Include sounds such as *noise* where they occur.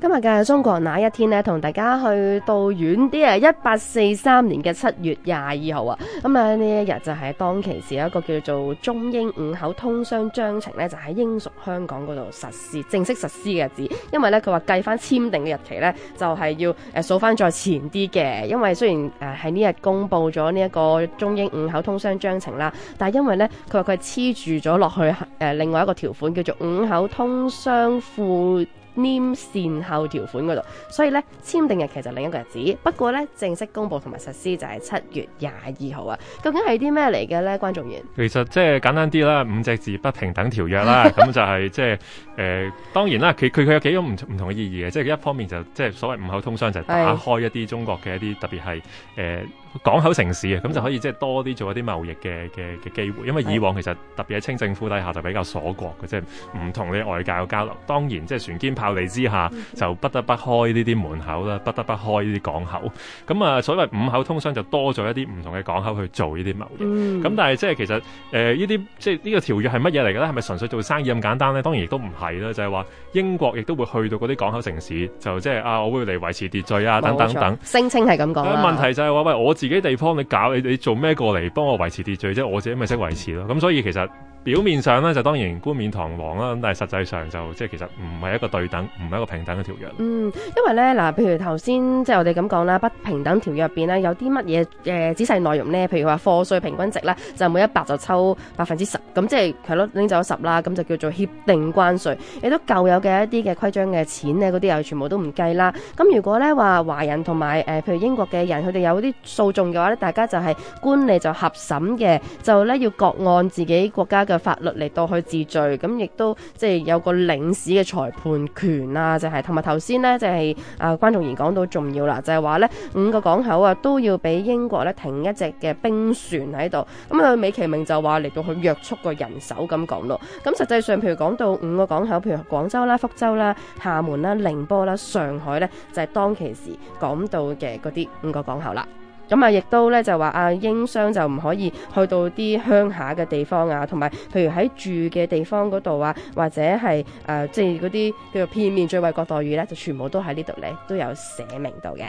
今日嘅中國那一天呢，同大家去到遠啲啊！一八四三年嘅七月廿二號啊，咁啊呢一日就係當其時有一個叫做《中英五口通商章程》咧，就喺英屬香港嗰度實施正式實施嘅日子。因為咧，佢話計翻簽訂嘅日期咧，就係、是、要誒數翻再前啲嘅。因為雖然誒喺呢日公布咗呢一個《中英五口通商章程》啦，但係因為咧，佢話佢係黐住咗落去誒、呃、另外一個條款叫做《五口通商附》。黏善後條款嗰度，所以咧，簽訂日期就另一個日子。不過咧，正式公布同埋實施就係七月廿二號啊！究竟係啲咩嚟嘅咧？觀眾員，其實即係簡單啲啦，五隻字不平等條約啦，咁 *laughs* 就係即係誒當然啦，佢佢佢有幾種唔唔同嘅意義嘅，即係一方面就即係所謂五口通商就係打開一啲中國嘅一啲特別係誒港口城市啊，咁就可以即係多啲做一啲貿易嘅嘅機會，因為以往其實特別喺清政府底下就比較鎖國嘅，即係唔同嘅外界嘅交流。當然即係船堅。靠之下，就不得不開呢啲門口啦，不得不開呢啲港口。咁啊，所謂五口通商就多咗一啲唔同嘅港口去做呢啲貿易。咁、嗯、但係即係其實呢啲、呃、即係呢個條約係乜嘢嚟㗎咧？係咪純粹做生意咁簡單咧？當然亦都唔係啦，就係、是、話英國亦都會去到嗰啲港口城市，就即、就、係、是、啊，我會嚟維持秩序啊，等等等。聲稱係咁講。問題就係、是、話喂，我自己地方你搞，你你做咩過嚟幫我維持秩序？即係我自己咪識維持咯。咁、嗯、所以其實。表面上咧就當然冠冕堂皇啦，咁但係實際上就即係其實唔係一個對等，唔係一個平等嘅條約。嗯，因為咧嗱，譬如頭先即係我哋咁講啦，不平等條約入邊咧有啲乜嘢誒仔細內容呢？譬如話課稅平均值啦，就每一百就抽百分之十，咁即係佢攞拎走十啦，咁就叫做協定關稅。亦都舊有嘅一啲嘅規章嘅錢呢，嗰啲又全部都唔計啦。咁如果咧話華人同埋、呃、譬如英國嘅人，佢哋有啲訴訟嘅話咧，大家就係官吏就合審嘅，就咧要各按自己國家法律嚟到去治罪，咁亦都即係有個領事嘅裁判權啊，就係同埋頭先呢，就係啊觀眾員講到重要啦，就係、是、話呢五個港口啊都要俾英國咧停一隻嘅兵船喺度，咁啊美其名就話嚟到去約束個人手咁講咯，咁實際上譬如講到五個港口，譬如廣州啦、福州啦、廈門啦、寧波啦、上海呢，就係、是、當其時講到嘅嗰啲五個港口啦。咁啊，亦都咧就話啊，英商就唔可以去到啲鄉下嘅地方啊，同埋譬如喺住嘅地方嗰度啊，或者係誒即係嗰啲叫做片面最惠國待遇咧，就全部都喺呢度咧都有寫明到嘅。